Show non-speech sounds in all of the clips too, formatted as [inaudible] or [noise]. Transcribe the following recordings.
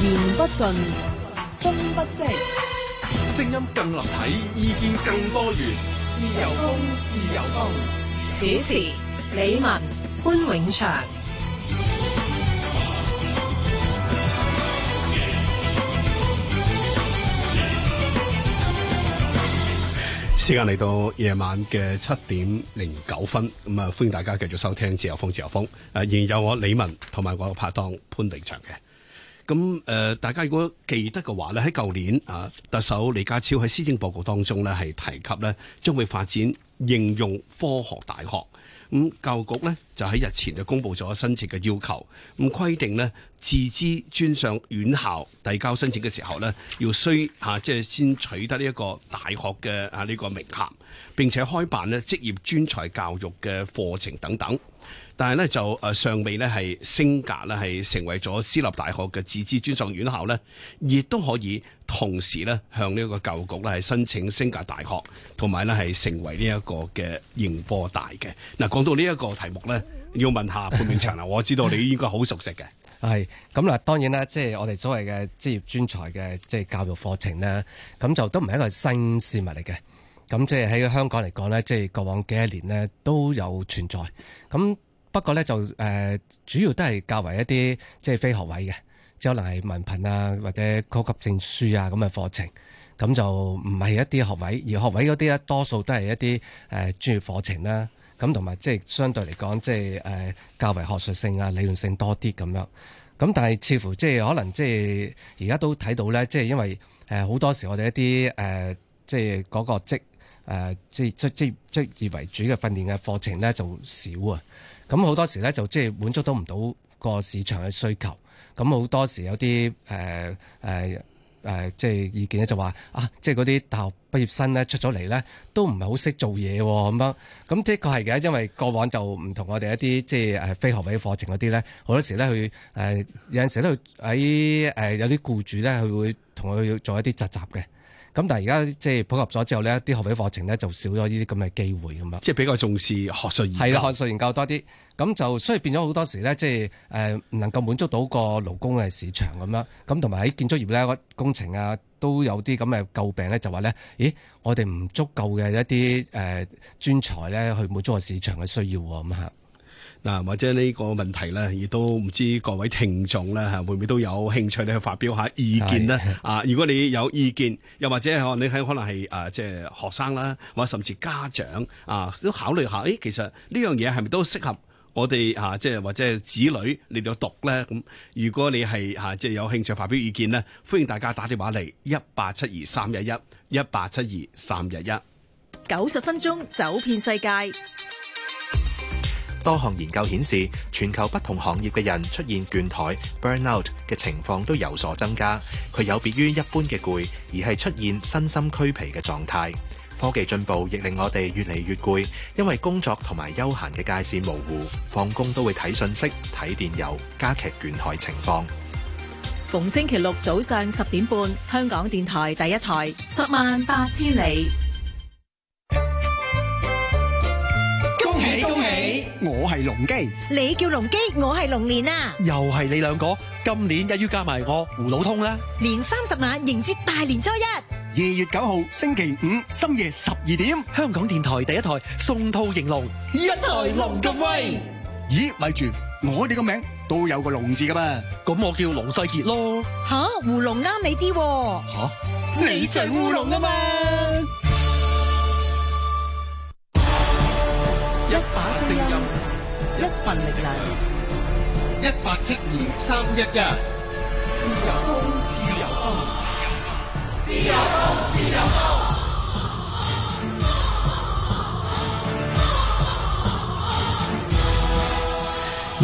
言不盡，風不息，聲音更立體，意見更多元。自由風，自由風。自由風。主持李文、潘永祥。時間嚟到夜晚嘅七點零九分，咁啊歡迎大家繼續收聽自《自由風自由風》啊，誒，仍然有我李文同埋我嘅拍檔潘永祥嘅。咁誒、呃，大家如果記得嘅話呢喺舊年啊，特首李家超喺施政報告當中呢，係提及呢將會發展應用科學大學。咁、嗯、教育局呢就喺日前就公布咗申請嘅要求。咁、嗯、規定呢自資專上院校遞交申請嘅時候呢，要需啊即係先取得呢一個大學嘅啊呢個名銜，並且開辦呢職業專才教育嘅課程等等。但係呢，就誒尚未呢，係升格呢，係成為咗私立大學嘅自資專上院校呢，亦都可以同時呢，向呢個教育局呢，係申請升格大學，同埋呢，係成為呢一個嘅應科大嘅。嗱、啊，講到呢一個題目呢，要問下潘永祥啊， [laughs] 我知道你應該好熟悉嘅。係咁嗱，當然啦，即、就、係、是、我哋所謂嘅職業專才嘅即係教育課程呢，咁就都唔係一個新事物嚟嘅。咁即係喺香港嚟講呢，即、就、係、是、過往幾十年呢，都有存在。咁不過咧就誒、呃，主要都係較為一啲即係非學位嘅，即係可能係文憑啊，或者高級證書啊咁嘅課程，咁就唔係一啲學位。而學位嗰啲咧，多數都係一啲誒專業課程啦、啊。咁同埋即係相對嚟講，即係誒、呃、較為學術性啊、理論性多啲咁樣。咁但係似乎即係可能即係而家都睇到咧，即係因為誒好、呃、多時候我哋一啲誒、呃、即係嗰、那個職誒、呃、即即即職業為主嘅訓練嘅課程咧就少啊。咁好多時咧就即係滿足到唔到個市場嘅需求，咁好多時有啲誒、呃呃呃、即係意見咧就話啊，即係嗰啲大學畢業生咧出咗嚟咧都唔係好識做嘢喎咁樣，咁、啊、的確係嘅，因為過往就唔同我哋一啲即係誒、呃、非學位課程嗰啲咧，好多時咧佢、呃、有陣時喺誒、呃、有啲僱主咧佢會同佢做一啲實習嘅。咁但係而家即係普及咗之後，呢啲學位課程呢就少咗呢啲咁嘅機會，咁即係比較重視學術研究，係啦，學術研究多啲。咁就所以變咗好多時呢，即係誒唔能夠滿足到個勞工嘅市場咁樣。咁同埋喺建築業呢個工程啊都有啲咁嘅詬病呢就話呢，咦，我哋唔足夠嘅一啲誒專才呢去滿足個市場嘅需要喎咁嚇。嗱，或者呢個問題咧，亦都唔知各位聽眾咧吓，會唔會都有興趣去發表下意見咧？的啊，如果你有意見，又或者哦，你喺可能係誒，即、呃、係學生啦，或者甚至家長啊，都考慮下，誒、哎，其實呢樣嘢係咪都適合我哋吓，即、啊、係或者子女你哋讀咧？咁如果你係吓、啊，即係有興趣發表意見咧，歡迎大家打電話嚟一八七二三一一，一八七二三一一，九十分鐘走遍世界。多項研究顯示，全球不同行業嘅人出現倦怠、burnout 嘅情況都有所增加。佢有別於一般嘅攰，而係出現身心俱疲嘅狀態。科技進步亦令我哋越嚟越攰，因為工作同埋休閒嘅界線模糊，放工都會睇信息、睇電郵，加劇倦怠情況。逢星期六早上十點半，香港電台第一台，十萬八千里。我係龍基，你叫龍基，我係龍年啊！又係你兩個，今年一於加埋我胡老通啦！年三十晚迎接大年初一，二月九號星期五深夜十二點，香港電台第一台送兔迎龍，一台龍咁威。咦，咪住，我哋個名都有個龍字噶嘛？咁我叫龍世傑咯。吓，胡龍啱你啲？吓，你最烏龍啊嘛！一把聲音，一，聲音一份力量，一八七二三一一。自由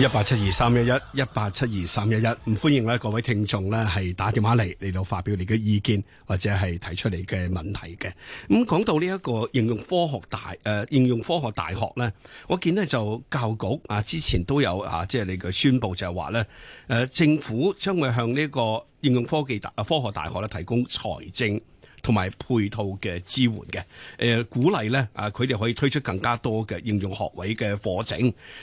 一八七二三一一，一八七二三一一，咁歡迎咧各位聽眾咧係打電話嚟嚟到發表你嘅意見或者係提出你嘅問題嘅。咁講到呢一個應用科學大誒、呃、應用科學大學咧，我見呢就教局啊之前都有啊即係、就是、你嘅宣布就係話咧誒政府將會向呢個應用科技大啊科學大學咧提供財政。同埋配套嘅支援嘅、呃，鼓勵呢，咧啊，佢哋可以推出更加多嘅應用學位嘅課程，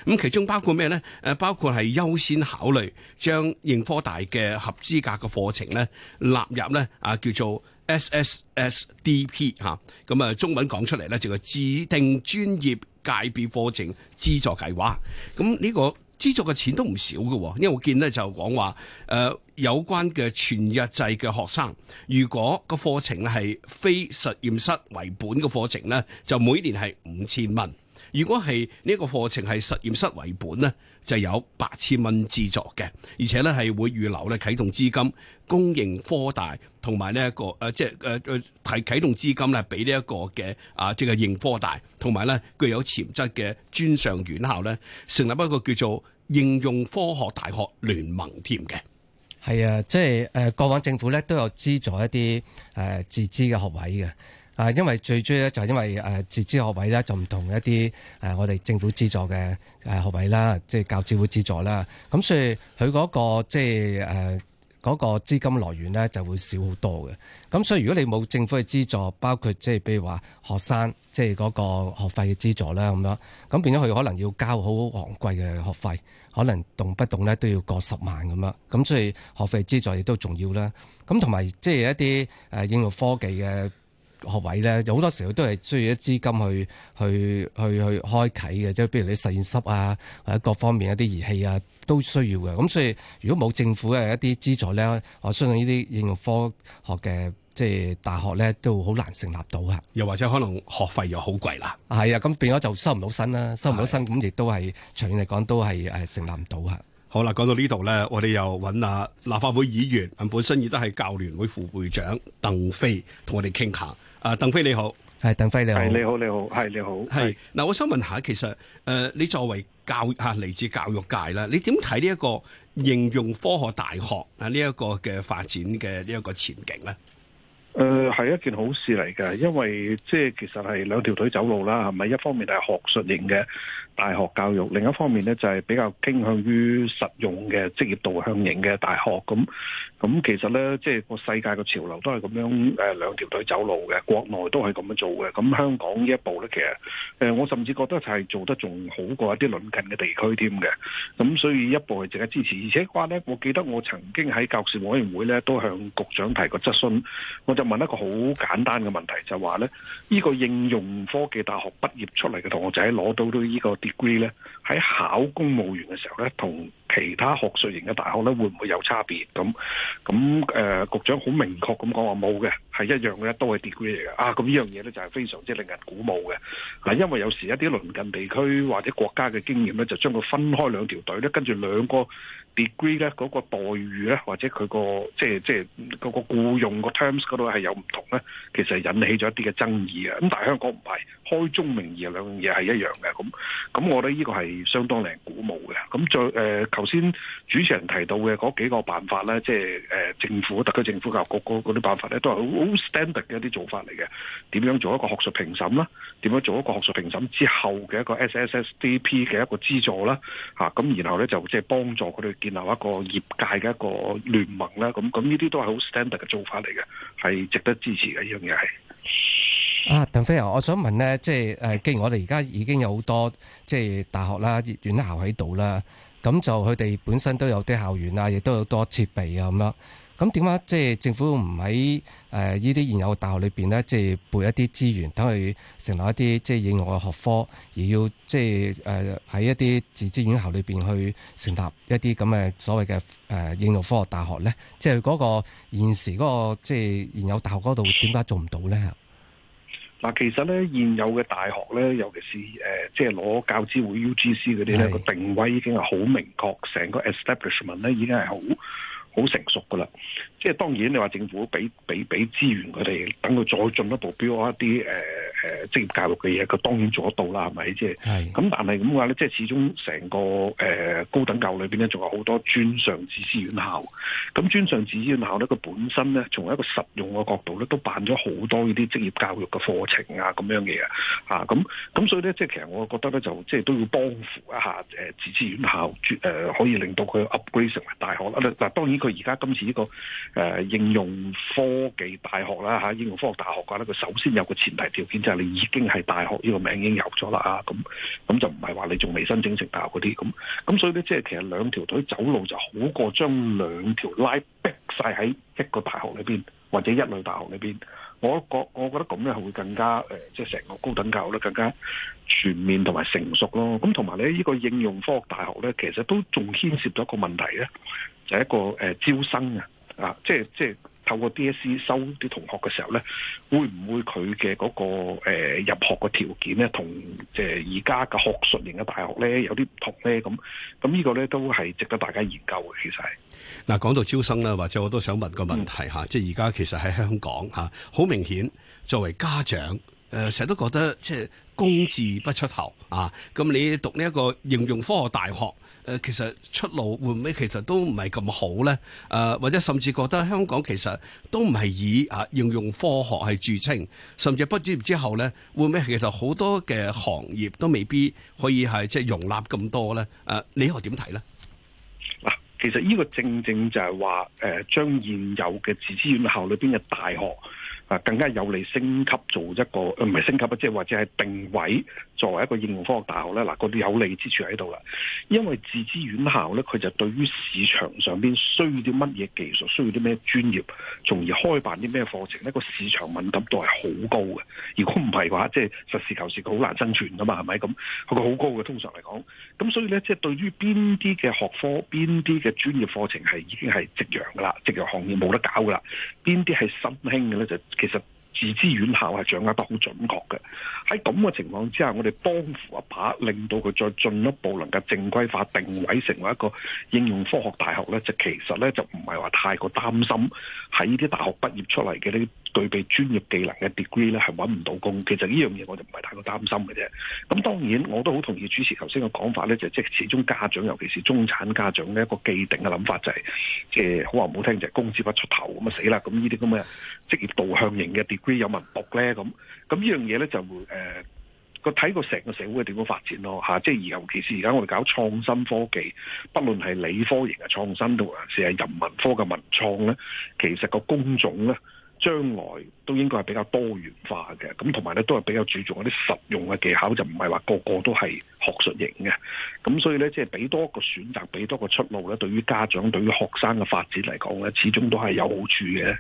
咁其中包括咩咧、啊？包括係優先考慮將應科大嘅合資格嘅課程咧納入咧啊，叫做 S S S D P 吓、啊，咁啊中文講出嚟咧就係、是、指定專業界別課程資助計劃。咁呢、這個。資助嘅錢都唔少㗎，因為我見咧就講話，誒有關嘅全日制嘅學生，如果個課程係非實驗室為本嘅課程呢，就每年係五千蚊。如果係呢一個課程係實驗室為本呢，就有八千蚊資助嘅，而且呢係會預留咧啟動資金，供應科大同埋呢一個誒、呃、即係誒誒啟啟動資金咧，這個，俾呢一個嘅啊即係應科大同埋呢具有潛質嘅專上院校呢成立一個叫做應用科學大學聯盟添嘅。係啊，即係誒過往政府呢都有資助一啲誒、呃、自資嘅學位嘅。啊，因為最主要咧就係因為誒自資學位咧就唔同一啲誒我哋政府資助嘅誒學位啦，即係教資會資助啦。咁所以佢嗰個即係誒嗰個資金來源咧就會少好多嘅。咁所以如果你冇政府嘅資助，包括即係譬如話學生即係嗰個學費嘅資助啦，咁樣咁變咗佢可能要交好昂貴嘅學費，可能動不動咧都要過十萬咁樣。咁所以學費資助亦都重要啦。咁同埋即係一啲誒應用科技嘅。學位咧，有好多時候都係需要一資金去去去去開啟嘅，即係譬如你實驗室啊，或者各方面一啲儀器啊，都需要嘅。咁所以如果冇政府嘅一啲資助咧，我相信呢啲應用科學嘅即係大學咧，都好難成立到啊。又或者可能學費又好貴啦。係啊，咁變咗就收唔到生啦，收唔到生，咁亦都係的長遠嚟講都係誒成立唔到啊。好啦，講到呢度咧，我哋又揾下立法會議員，本身亦都係教聯會副會長鄧飛同我哋傾下。啊，鄧飛你好，係鄧飛你好，你好你好，係你好，係嗱，我想問下，其實誒、呃，你作為教吓嚟、啊、自教育界啦，你點睇呢一個應用科學大學啊，呢一個嘅發展嘅呢一個前景咧？誒、呃，係一件好事嚟嘅，因為即係其實係兩條腿走路啦，係咪？一方面係學術型嘅。大學教育，另一方面咧就係比較傾向於實用嘅職業導向型嘅大學咁。咁其實咧，即係個世界嘅潮流都係咁樣誒，兩條腿走路嘅，國內都係咁樣做嘅。咁香港呢一步咧，其實誒，我甚至覺得就係做得仲好過一啲鄰近嘅地區添嘅。咁所以一步係值得支持，而且話咧，我記得我曾經喺教育事務委員會咧都向局長提過質詢，我就問一個好簡單嘅問題，就話咧呢個應用科技大學畢業出嚟嘅同學仔攞到都呢個。agree 咧喺考公務員嘅時候，咧同，其他學術型嘅大學咧，會唔會有差別咁？咁誒、呃，局長好明確咁講話冇嘅，係一樣嘅，都係 degree 嚟嘅。啊，咁呢樣嘢咧就係非常之令人鼓舞嘅。嗱，因為有時一啲鄰近地區或者國家嘅經驗咧，就將佢分開兩條隊咧，跟住兩個 degree 咧嗰個待遇咧，或者佢個即係即係嗰個僱用個 terms 嗰度係有唔同咧，其實引起咗一啲嘅爭議嘅。咁但係香港唔係開宗明義兩樣嘢係一樣嘅。咁咁，咁我覺得呢個係相當令人鼓舞嘅。咁再誒。呃頭先主持人提到嘅嗰幾個辦法咧，即係誒政府、特區政府教育局嗰啲辦法咧，都係好好 standard 嘅一啲做法嚟嘅。點樣做一個學術評審啦？點樣做一個學術評審之後嘅一個 SSSDP 嘅一個資助啦？嚇咁，然後咧就即係幫助佢哋建立一個業界嘅一個聯盟啦。咁咁呢啲都係好 standard 嘅做法嚟嘅，係值得支持嘅一樣嘢係。啊，鄧飛啊，我想問咧，即係誒，既然我哋而家已經有好多即係大學啦、院校喺度啦。咁就佢哋本身都有啲校園啊，亦都有多設備啊，咁樣。咁點解即係政府唔喺呢啲現有大學裏面呢，即係撥一啲資源，等佢成立一啲即係應用嘅學科，而要即係誒喺一啲自資院校裏面去成立一啲咁嘅所謂嘅誒應用科學大學呢？即係嗰個現時嗰個即係現有大學嗰度點解做唔到呢？嗱，其實咧，現有嘅大學咧，尤其是誒，即係攞教資會 UGC 嗰啲咧，個是的 定位已經係好明確，成個 establishment 咧已經係好好成熟㗎喇。即係當然，你話政府俾俾俾資源佢哋，等佢再進一步標一啲誒誒職業教育嘅嘢，佢當然做得到啦，係咪？即係咁，但係咁話咧，即係始終成個誒高等教育裏邊咧，仲有好多專上自資院校。咁專上自資院校咧，佢本身咧，從一個實用嘅角度咧，都辦咗好多呢啲職業教育嘅課程啊，咁樣嘅嘢吓。咁咁所以咧，即係其實我覺得咧，就即係都要幫扶一下誒自資院校，誒可以令到佢 upgrade 成為大學啦。嗱，當然佢而家今次呢個。誒、啊，應用科技大學啦，吓、啊、應用科學大學嘅話咧，佢首先有個前提條件就係、是、你已經係大學呢個名已經有咗啦，咁、啊、咁就唔係話你仲未申請成大學嗰啲。咁咁所以咧，即係其實兩條腿走路就好過將兩條拉逼晒喺一個大學裏邊或者一類大學裏邊，我覺我覺得咁呢，係會更加誒、呃，即係成個高等教育咧更加全面同埋成熟咯。咁同埋咧，呢、這個應用科學大學咧，其實都仲牽涉咗個問題咧，就是、一個誒招、呃、生啊。啊，即係即係透過 DSE 收啲同學嘅時候咧，會唔會佢嘅嗰個誒、呃、入學嘅條件咧，同即係而家嘅學術型嘅大學咧有啲唔同咧？咁咁呢個咧都係值得大家研究嘅。其實，嗱，講到招生咧，或者我都想問個問題吓，嗯、即係而家其實喺香港吓，好明顯作為家長。誒成日都覺得即係工字不出頭啊！咁你讀呢一個應用科學大學，呃、其實出路會唔會其實都唔係咁好咧？誒、呃，或者甚至覺得香港其實都唔係以啊應用科學係著稱，甚至畢業之後咧，會唔會其實好多嘅行業都未必可以係即係容納咁多咧？誒、呃，你又點睇咧？嗱、啊，其實呢個正正就係話誒，將、呃、現有嘅自資院校裏邊嘅大學。啊，更加有利升級，做一個誒唔係升級，啊，即係或者係定位。作為一個應用科學大學咧，嗱嗰啲有利之處喺度啦。因為自資院校咧，佢就對於市場上邊需要啲乜嘢技術，需要啲咩專業，從而開辦啲咩課程呢，呢個市場敏感度係好高嘅。如果唔係嘅話，即係實事求是，是，佢好難生存噶嘛，係咪咁？佢好高嘅，通常嚟講。咁所以咧，即係對於邊啲嘅學科，邊啲嘅專業課程係已經係夕陽噶啦，夕陽行業冇得搞噶啦。邊啲係新興嘅咧？就其實。自資院校係掌握得好準確嘅，喺咁嘅情況之下，我哋幫扶一把，令到佢再進一步能夠正規化定位成為一個應用科學大學呢，就其實呢，就唔係話太過擔心喺呢啲大學畢業出嚟嘅呢。具備專業技能嘅 degree 咧，係揾唔到工。其實呢樣嘢我就唔係太過擔心嘅啫。咁當然我都好同意主持頭先嘅講法咧，就即、是、係始終家長，尤其是中產家長呢一個既定嘅諗法就係、是，即、呃、係好話唔好聽就係、是、工資不出頭咁啊死啦！咁呢啲咁嘅職業導向型嘅 degree 有冇人讀咧？咁咁呢樣嘢咧就會誒睇個成個社會嘅點樣發展咯、啊、即係而尤其是而家我哋搞創新科技，不論係理科型嘅創新同啊，是人文科嘅文創咧，其實個工種咧。將來都應該係比較多元化嘅，咁同埋咧都係比較注重一啲實用嘅技巧，就唔係話個個都係學術型嘅。咁所以咧，即係俾多一個選擇，俾多個出路咧，對於家長對於學生嘅發展嚟講咧，始終都係有好處嘅。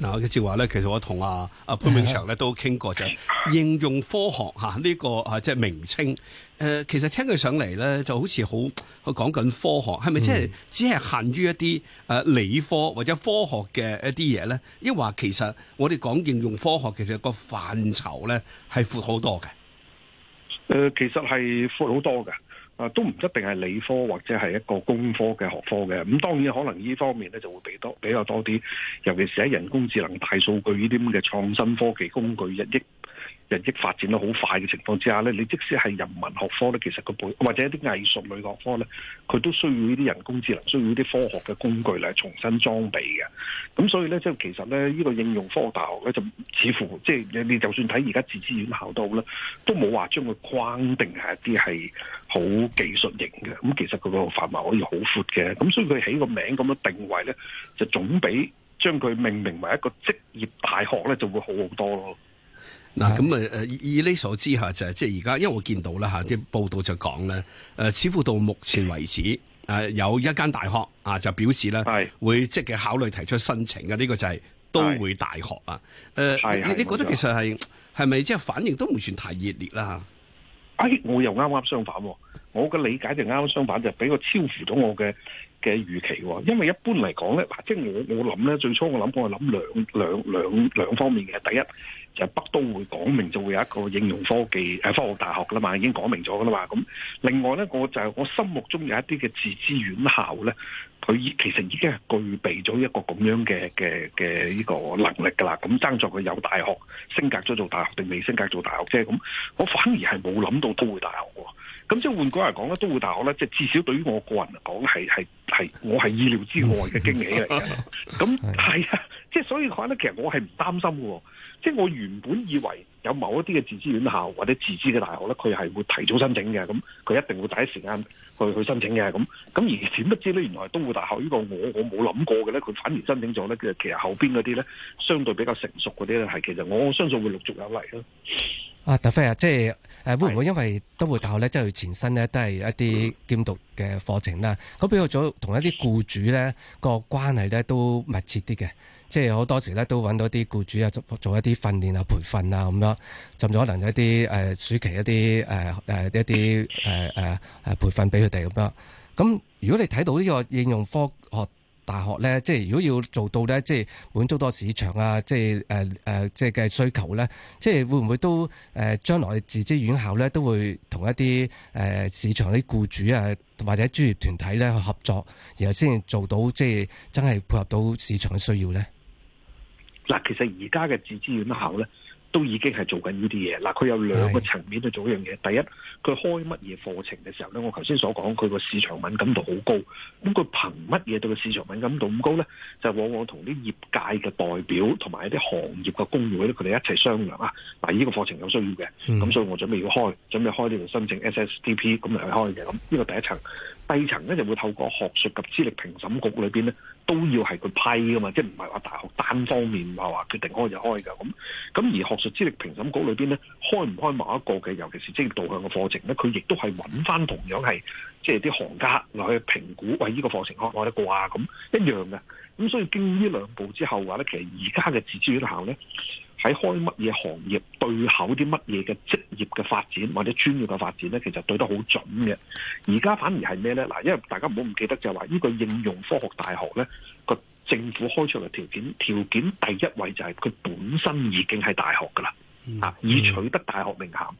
嗱，照話咧，其實我同阿阿潘永祥咧都傾過，就的應用科學吓呢個啊，即、這、係、個啊就是、名稱。誒、呃，其實聽佢上嚟咧，就好似好去講緊科學，係咪即係只係限於一啲誒、啊、理科或者科學嘅一啲嘢咧？因為話其實我哋講應用科學，其實個範疇咧係闊好多嘅。誒、呃，其實係闊好多嘅。都唔一定係理科或者係一個工科嘅學科嘅，咁當然可能呢方面咧就會俾多比較多啲，尤其是喺人工智能、大數據呢啲咁嘅創新科技工具一益。日益發展得好快嘅情況之下咧，你即使係人文學科咧，其實個或者一啲藝術類學科咧，佢都需要呢啲人工智能，需要啲科學嘅工具嚟重新裝備嘅。咁所以咧，即係其實咧，呢個應用科學大學咧就似乎即係、就係、你就算睇而家自資院校都好咧，都冇話將佢框定係一啲係好技術型嘅。咁其實佢個範圍可以好闊嘅。咁所以佢起個名咁樣定位咧，就總比將佢命名為一個職業大學咧就會好好多咯。嗱，咁啊、嗯，誒，以呢所知吓，就係即係而家，因為我見到啦吓，啲報道就講咧，誒、呃，似乎到目前為止，誒、呃，有一間大學啊，就表示咧，是會積極考慮提出申請嘅，呢、這個就係都會大學啊。誒，你你覺得其實係係咪即係反應都唔算太熱烈啦？吓，哎，我又啱啱相反、啊，我嘅理解就啱啱相反，就俾、是、我超乎咗我嘅嘅預期喎，因為一般嚟講咧，嗱，即係我我諗咧，最初我諗，我係諗兩兩兩兩方面嘅。第一就係、是、北都會講明就會有一個應用科技誒、啊、科學大學啦嘛，已經講明咗噶啦嘛。咁另外咧，我就係我心目中有一啲嘅自資院校咧，佢其實已經係具備咗一個咁樣嘅嘅嘅呢個能力噶啦。咁爭在佢有大學升格咗做大學，定未升格做大學啫？咁、就是、我反而係冇諗到都會大學喎。咁即係換句嚟講咧，都會大學咧，即係至少對於我個人嚟講，係係係我係意料之外嘅驚喜嚟嘅。咁係啊，即係所以話咧，其實我係唔擔心嘅。即係我原本以為有某一啲嘅自資院校或者自資嘅大學咧，佢係會提早申請嘅，咁佢一定會第一時間去去申請嘅。咁咁而點不知咧，原來都會大學呢個我我冇諗過嘅咧，佢反而申請咗咧。其實後邊嗰啲咧，相對比較成熟嗰啲咧，係其實我相信會陸續有嚟咯。啊，鄧飛啊，即係誒，會唔會因為都會大學咧，即係佢前身咧，都係一啲兼讀嘅課程啦？咁比較早同一啲僱主咧，個關係咧都密切啲嘅，即係好多時咧都揾到啲僱主啊，做一啲訓練啊、培訓啊咁樣，甚至可能一啲誒、呃、暑期一啲誒誒一啲誒誒誒培訓俾佢哋咁樣。咁如果你睇到呢個應用科學。大學呢，即係如果要做到呢，即係滿足到市場啊，即係誒誒，即係嘅需求呢，即係會唔會都誒將來自資院校呢，都會同一啲誒、呃、市場啲僱主啊或者專業團體去合作，然後先做到即係真係配合到市場嘅需要呢？嗱，其實而家嘅自資院校呢。都已經係做緊呢啲嘢，嗱，佢有兩個層面去做一樣嘢。是第一，佢開乜嘢課程嘅時候咧，我頭先所講佢個市場敏感度好高。咁佢憑乜嘢對個市場敏感度咁高咧？就往往同啲業界嘅代表同埋一啲行業嘅工會佢哋一齊商量啊。嗱，呢個課程有需要嘅，咁、嗯、所以我準備要開，準備開呢度申請 SSDP 咁嚟開嘅。咁、這、呢個第一層。第二層咧，就會透過學術及資歷評審局裏邊咧，都要係佢批噶嘛，即係唔係話大學單方面話話決定開就開噶。咁，咁而學術資歷評審局裏邊咧，開唔開某一個嘅，尤其是職業導向嘅課程咧，佢亦都係揾翻同樣係即係啲行家嚟去評估，喂、哎、呢、呢個課程開唔開得過啊？咁一樣嘅。咁所以經呢兩步之後話咧，其實而家嘅自資院校咧，喺開乜嘢行業對口啲乜嘢嘅職業嘅發展或者專業嘅發展咧，其實對得好準嘅。而家反而係咩咧？嗱，因為大家唔好唔記得就係話呢個應用科學大學咧個政府開出嚟條件條件，第一位就係佢本身已經係大學噶啦，啊、mm，已、hmm. 取得大學名銜。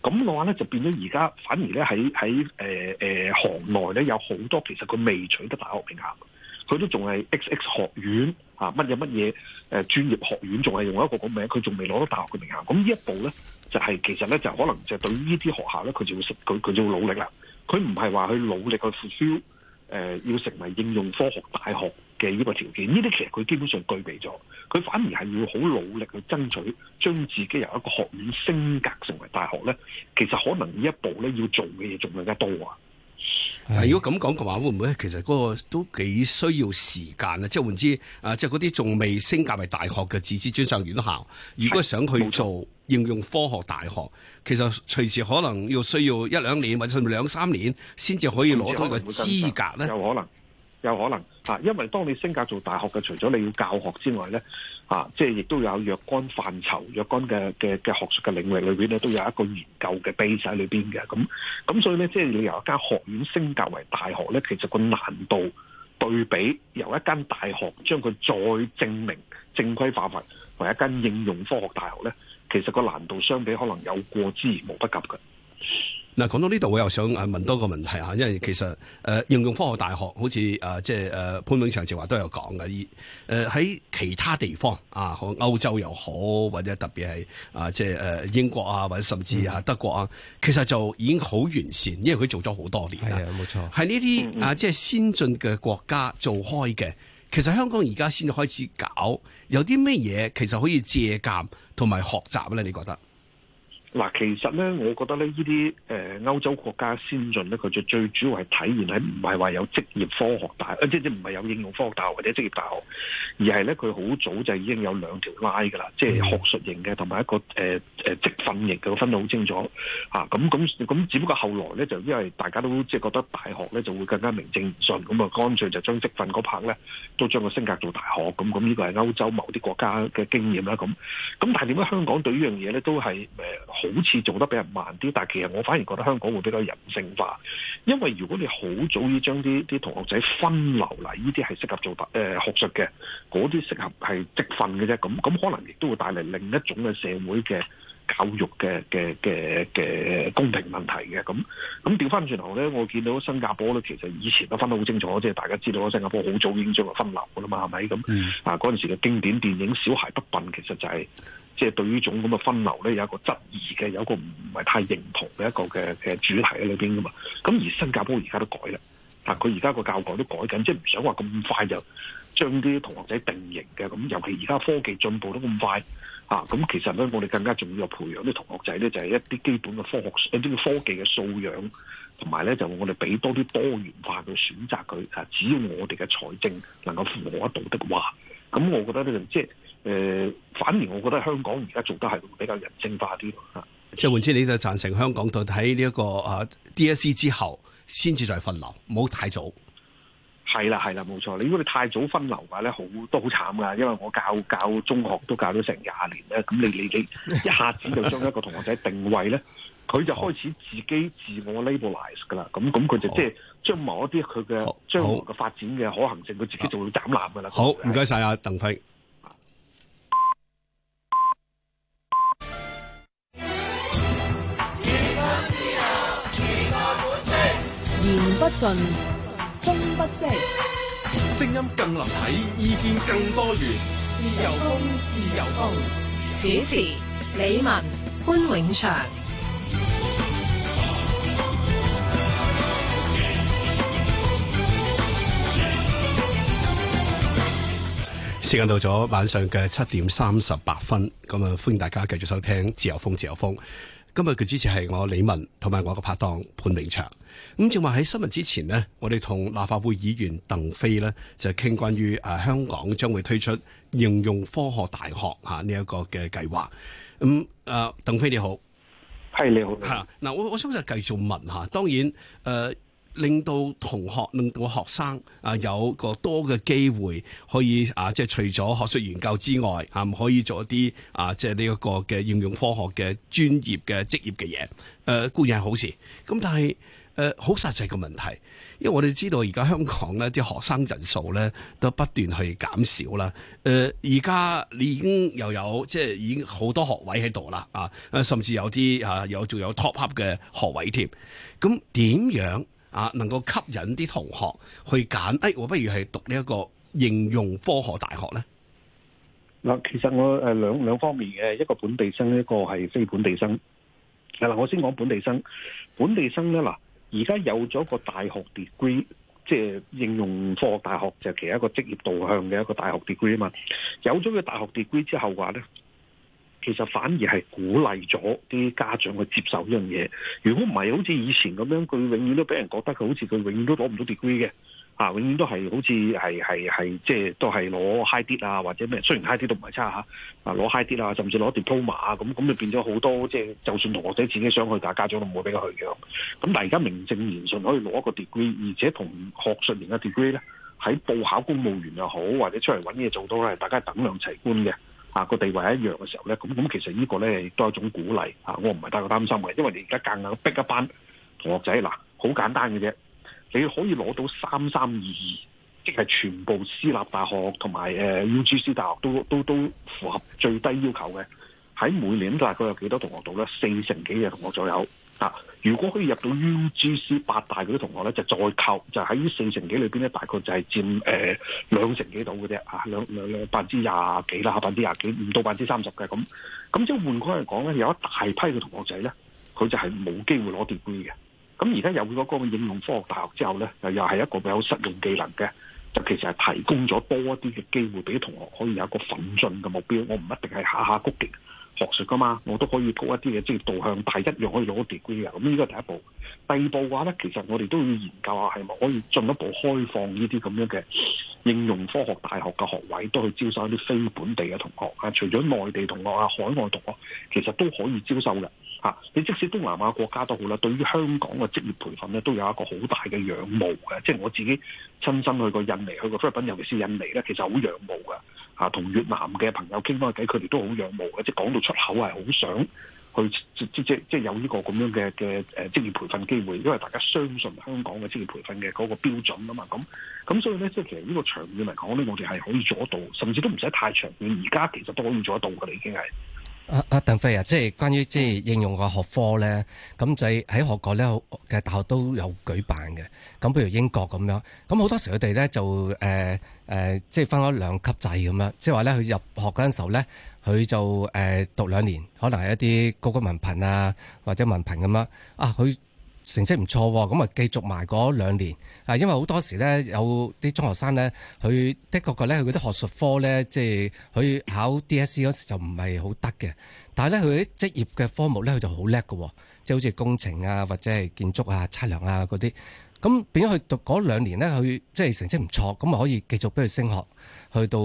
咁嘅話咧就變咗而家反而咧喺喺誒誒行內咧有好多其實佢未取得大學名銜，佢都仲係 X X 學院。啊！乜嘢乜嘢？誒，專業學院仲係用一個個名，佢仲未攞到大學嘅名銜。咁呢一步咧，就係其實咧，就可能就對呢啲學校咧，佢就會佢佢就會努力啦。佢唔係話去努力去 fulfil 誒要成為應用科學大學嘅呢個條件。呢啲其實佢基本上具備咗，佢反而係要好努力去爭取將自己由一個學院升格成為大學咧。其實可能呢一步咧要做嘅嘢仲更加多啊！但係如果咁講嘅話，會唔會其實嗰個都幾需要時間啊？即係換之，啊，即係嗰啲仲未升格為大學嘅自資專上院校，如果想去做應用科學大學，其實隨時可能要需要一兩年或者兩三年，先至可以攞到個資格呢？有可能。有可能嚇、啊，因為當你升格做大學嘅，除咗你要教學之外咧，嚇、啊，即係亦都有若干範疇、若干嘅嘅嘅學術嘅領域裏邊咧，都有一個研究嘅 base 喺裏邊嘅。咁咁所以咧，即係你由一間學院升格為大學咧，其實個難度對比由一間大學將佢再證明正規化為為一間應用科學大學咧，其實個難度相比可能有過之而無不及嘅。嗱，講到呢度我又想啊問多個問題吓，因為其實誒、呃、應用科學大學好似啊即係誒潘永祥前話都有講嘅，而誒喺其他地方啊，歐洲又好，或者特別係啊即係誒、呃、英國啊，或者甚至啊德國啊，其實就已經好完善，因為佢做咗好多年了。係啊，冇錯，係呢啲啊即係先進嘅國家做開嘅，其實香港而家先至開始搞，有啲咩嘢其實可以借鑒同埋學習咧？你覺得？嗱，其實咧，我覺得咧，呢啲誒歐洲國家先進咧，佢就最主要係體現喺唔係話有職業科學大學，即係唔係有應用科學大學或者職業大學，而係咧佢好早就已經有兩條拉㗎啦，即係學術型嘅同埋一個誒誒職訓型嘅分得好清楚吓咁咁咁，只不過後來咧就因為大家都即係覺得大學咧就會更加名正言順，咁啊，乾脆就將職訓嗰 part 咧都將佢升格做大學。咁咁呢個係歐洲某啲國家嘅經驗啦。咁咁，但係點解香港對呢樣嘢咧都係誒好似做得比較慢啲，但其實我反而覺得香港會比較人性化，因為如果你好早已將啲啲同學仔分流，嚟呢啲係適合做誒、呃、學術嘅，嗰啲適合係積分嘅啫，咁咁可能亦都會帶嚟另一種嘅社會嘅。教育嘅嘅嘅嘅公平問題嘅，咁咁調翻轉頭咧，我見到新加坡咧，其實以前都分得好清楚，即係大家知道新加坡好早已經將佢分流噶啦嘛，係咪咁？啊，嗰陣時嘅經典電影《小孩不笨》，其實就係即係對於種咁嘅分流咧有一個質疑嘅，有一個唔係太認同嘅一個嘅嘅主題喺裏面噶嘛。咁而新加坡而家都改啦，但佢而家個教改都改緊，即係唔想話咁快就將啲同學仔定型嘅。咁尤其而家科技進步得咁快。啊，咁、嗯、其實咧，我哋更加重要嘅培養啲同學仔咧，就係、是、一啲基本嘅科學，一啲科技嘅素養，同埋咧就我哋俾多啲多元化嘅選擇佢。啊，只要我哋嘅財政能夠負荷得到的話，咁、嗯、我覺得咧，即係誒、呃，反而我覺得香港而家做得係比較人性化啲。啊，即係換之，你就贊成香港到喺呢一個啊 DSE 之後，先至再分流，唔好太早。係啦，係啦，冇錯。你如果你太早分流嘅話咧，好都好慘噶。因為我教教中學都教咗成廿年咧，咁你你你一下子就將一個同學仔定位咧，佢 [laughs] 就開始自己自我 labelize 噶啦。咁咁佢就好即係將某一啲佢嘅將來嘅發展嘅可行性，佢好自己做到斬纜噶啦。好，唔該晒阿鄧飛。謝謝啊、言不盡。聲聲音更立體，意見更多元。自由風，自由風。自由風主持：李文潘永祥。時間到咗晚上嘅七點三十八分，咁啊歡迎大家繼續收聽《自由風》，自由風。今日佢支持係我李文同埋我個拍檔潘明祥，咁正話喺新聞之前呢，我哋同立法會議員鄧飛咧就傾關於誒香港將會推出應用科學大學吓呢一個嘅計劃，咁誒鄧飛你好，係你好，吓，嗱我我想就繼續問下，當然誒。呃令到同學令到學生啊有個多嘅機會可以啊即係除咗學術研究之外啊、嗯，可以做一啲啊即係呢一個嘅應用科學嘅專業嘅職業嘅嘢，誒、呃、固然係好事。咁、嗯、但係誒好實際嘅問題，因為我哋知道而家香港咧，即係學生人數咧都不斷去減少啦。誒，而家你已經又有即係已經好多學位喺度啦啊！甚至有啲啊有仲有 top up 嘅學位添。咁點樣？啊，能夠吸引啲同學去揀，哎，我不如係讀呢一個應用科學大學咧。嗱，其實我誒兩兩方面嘅，一個本地生，一個係非本地生。嗱，我先講本地生，本地生咧，嗱，而家有咗個大學 degree，即係應用科學大學，就係其實一個職業導向嘅一個大學 degree 啊嘛。有咗個大學 degree 之後話咧。其實反而係鼓勵咗啲家長去接受呢樣嘢。如果唔係，好似以前咁樣，佢永遠都俾人覺得佢好似佢永遠都攞唔到 degree 嘅、啊，永遠都係好似係係係，即係都係攞 high 啲啊，或者咩？雖然 high 啲都唔係差啊，攞 high 啲啊，甚至攞 diploma 咁咁就變咗好多。即係就算同學仔自己想去，但家長都唔會俾佢去嘅。咁、啊、但而家名正言順可以攞一個 degree，而且同學術型嘅 degree 咧，喺報考公務員又好，或者出嚟揾嘢做到呢，大家等量齊觀嘅。啊，個地位一樣嘅時候咧，咁咁其實個呢個咧多一種鼓勵啊！我唔係太過擔心嘅，因為你而家夾硬逼一班同學仔，嗱、啊，好簡單嘅啫，你可以攞到三三二二，即係全部私立大學同埋 UGC 大學都都都符合最低要求嘅，喺每年都大概有幾多同學度咧？四成幾嘅同學左右。嗱、啊，如果可以入到 U G C 八大嗰啲同學咧，就再扣，就喺呢四成幾裏邊咧，大概就係佔誒、呃、兩成幾度嘅啫，啊，兩兩兩百分之廿幾啦，百分之廿幾，唔到百分之三十嘅咁。咁即係換句嚟講咧，有一大批嘅同學仔咧，佢就係冇機會攞 degree 嘅。咁而家有佢嗰個應用科學大學之後咧，又又係一個比較實用技能嘅，就其實係提供咗多一啲嘅機會俾同學可以有一個奮進嘅目標，我唔一定係下下谷極。學術㗎嘛，我都可以讀一啲嘅，即係導向大一，又可以攞 degree 啊。咁呢個第一步，第二步嘅話咧，其實我哋都要研究下，係咪可以進一步開放呢啲咁樣嘅應用科學大學嘅學位，都去招收一啲非本地嘅同學啊。除咗內地同學啊，海外同學，其實都可以招收嘅。嚇、啊！你即使東南亞國家都好啦，對於香港嘅職業培訓咧，都有一個好大嘅仰慕嘅。即係我自己親身去過印尼、去過菲律賓，尤其是印尼咧，其實好仰慕嘅。嚇、啊！同越南嘅朋友傾翻個偈，佢哋都好仰慕嘅。即係講到出口係好想去，即即即即有呢個咁樣嘅嘅誒職業培訓機會，因為大家相信香港嘅職業培訓嘅嗰個標準啊嘛。咁、嗯、咁所以咧，即係其實呢個長遠嚟講咧，我哋係可以做得到，甚至都唔使太長遠。而家其實都可以做得到嘅啦，你已經係。阿阿、啊、鄧飛啊，即係關於即係應用個學科咧，咁就喺學界咧嘅大學都有舉辦嘅。咁譬如英國咁樣，咁好多時佢哋咧就誒誒、呃呃，即係分咗兩級制咁樣，即係話咧佢入學嗰陣時候咧，佢就誒、呃、讀兩年，可能係一啲高級文憑啊或者文憑咁樣啊佢。成績唔錯，咁啊繼續埋嗰兩年啊，因為好多時呢，有啲中學生呢，佢的確覺呢佢嗰啲學術科呢，即係佢考 DSE 嗰時就唔係好得嘅，但係呢，佢啲職業嘅科目呢，佢就好叻嘅，即係好似工程啊或者係建築啊測量啊嗰啲，咁變咗佢讀嗰兩年呢，佢即係成績唔錯，咁啊可以繼續俾佢升學去到。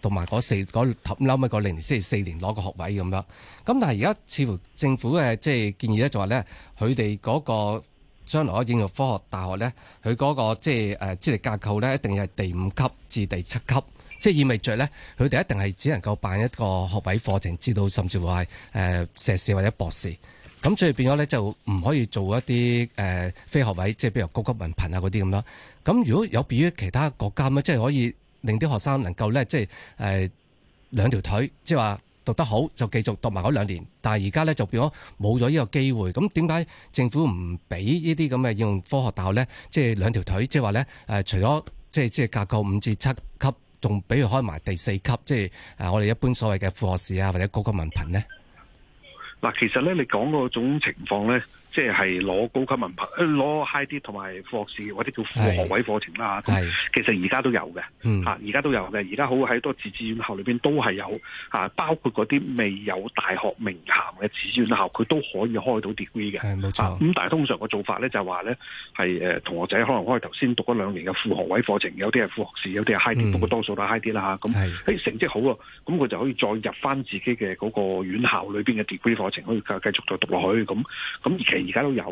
同埋嗰四嗰冧尾嗰零年即四年攞個學位咁樣，咁但係而家似乎政府嘅即係建議咧，就話咧佢哋嗰個將來嘅應用科學大學咧，佢嗰個即係誒資歷架構咧，一定係第五級至第七級，即係意味着咧，佢哋一定係只能夠辦一個學位課程，知道甚至乎係誒碩士或者博士，咁所以變咗咧就唔可以做一啲誒非學位，即係比如高級文憑啊嗰啲咁樣。咁如果有別於其他國家咧，即係可以。令啲學生能夠咧，即係誒、呃、兩條腿，即係話讀得好就繼續讀埋嗰兩年，但係而家咧就變咗冇咗呢個機會。咁點解政府唔俾呢啲咁嘅應用科學大學咧？即係兩條腿，即係話咧誒，除咗即係即係隔夠五至七級，仲俾佢開埋第四級，即係誒、呃、我哋一般所謂嘅副學士啊，或者高級文憑呢。嗱，其實咧，你講嗰種情況咧。即係攞高級文憑，攞 high 啲同埋副學士或者叫副學位課程啦嚇。是其實而家都有嘅，嚇、嗯，而家都有嘅。而家好喺多自資院校裏邊都係有嚇、啊，包括嗰啲未有大學名銜嘅自資院校，佢都可以開到 degree 嘅。冇錯。咁、啊、但係通常個做法咧就係話咧係誒同學仔可能開頭先讀咗兩年嘅副學位課程，有啲係副學士，有啲係 high 啲、嗯，不過多數都係 high 啲啦嚇。咁、嗯，誒是成績好啊，咁佢就可以再入翻自己嘅嗰個院校裏邊嘅 degree 課程，可以繼繼續再讀落去。咁，咁而而家都有，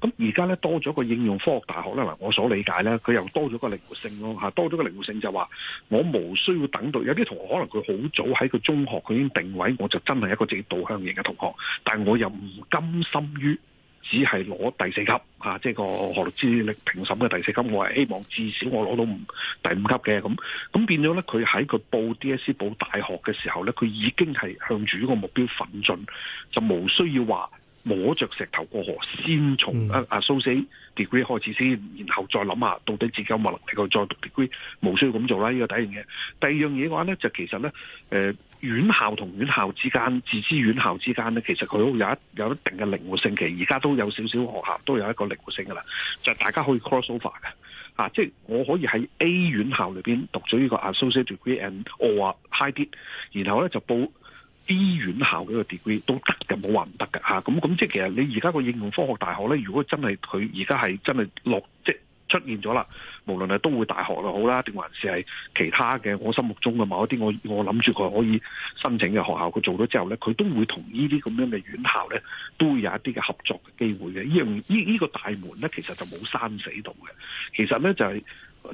咁而家咧多咗個應用科學大學咧，嗱我所理解咧，佢又多咗個靈活性咯，吓，多咗個靈活性就話我無需要等到。有啲同學可能佢好早喺個中學佢已經定位，我就真係一個自己導向型嘅同學，但係我又唔甘心於只係攞第四級啊，即係個學歷資歷評審嘅第四級，我係希望至少我攞到五第五級嘅咁，咁變咗咧佢喺佢報 DSE 報大學嘅時候咧，佢已經係向住呢個目標奮進，就冇需要話。摸着石頭過河，先從 Associate degree 開始先，然後再諗下到底自己有冇能力去再讀 degree，無需要咁做啦。呢個第一樣嘢，第二樣嘢嘅話咧，就其實咧，誒、呃，院校同院校之間、自資院校之間咧，其實佢都有一有一定嘅靈活性嘅。其實而家都有少少學校都有一個靈活性噶啦，就係、大家可以 cross over 嘅，啊，即係我可以喺 A 院校裏邊讀咗呢個 Associate degree，and 我話 high 啲，然後咧就報。啲院校個 degree 都得嘅，冇話唔得嘅吓。咁、啊、咁即係其實你而家個應用科學大學咧，如果真係佢而家係真係落，即係出現咗啦。無論係都會大學又好啦，定還是係其他嘅，我心目中嘅某一啲，我我諗住佢可以申請嘅學校，佢做咗之後咧，佢都會同呢啲咁樣嘅院校咧，都會有一啲嘅合作嘅機會嘅。呢樣呢呢個大門咧，其實就冇閂死到嘅。其實咧就係、是、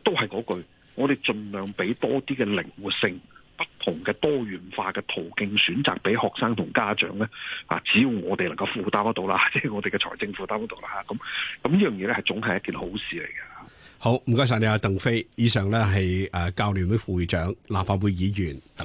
都係嗰句，我哋盡量俾多啲嘅靈活性。不同嘅多元化嘅途徑選擇俾學生同家長咧啊，只要我哋能夠負擔得到啦，即係我哋嘅財政負擔得到啦吓，咁咁呢樣嘢咧係總係一件好事嚟嘅。好唔該晒你啊，鄧飛，以上咧係誒教聯會副會長、立法會議員。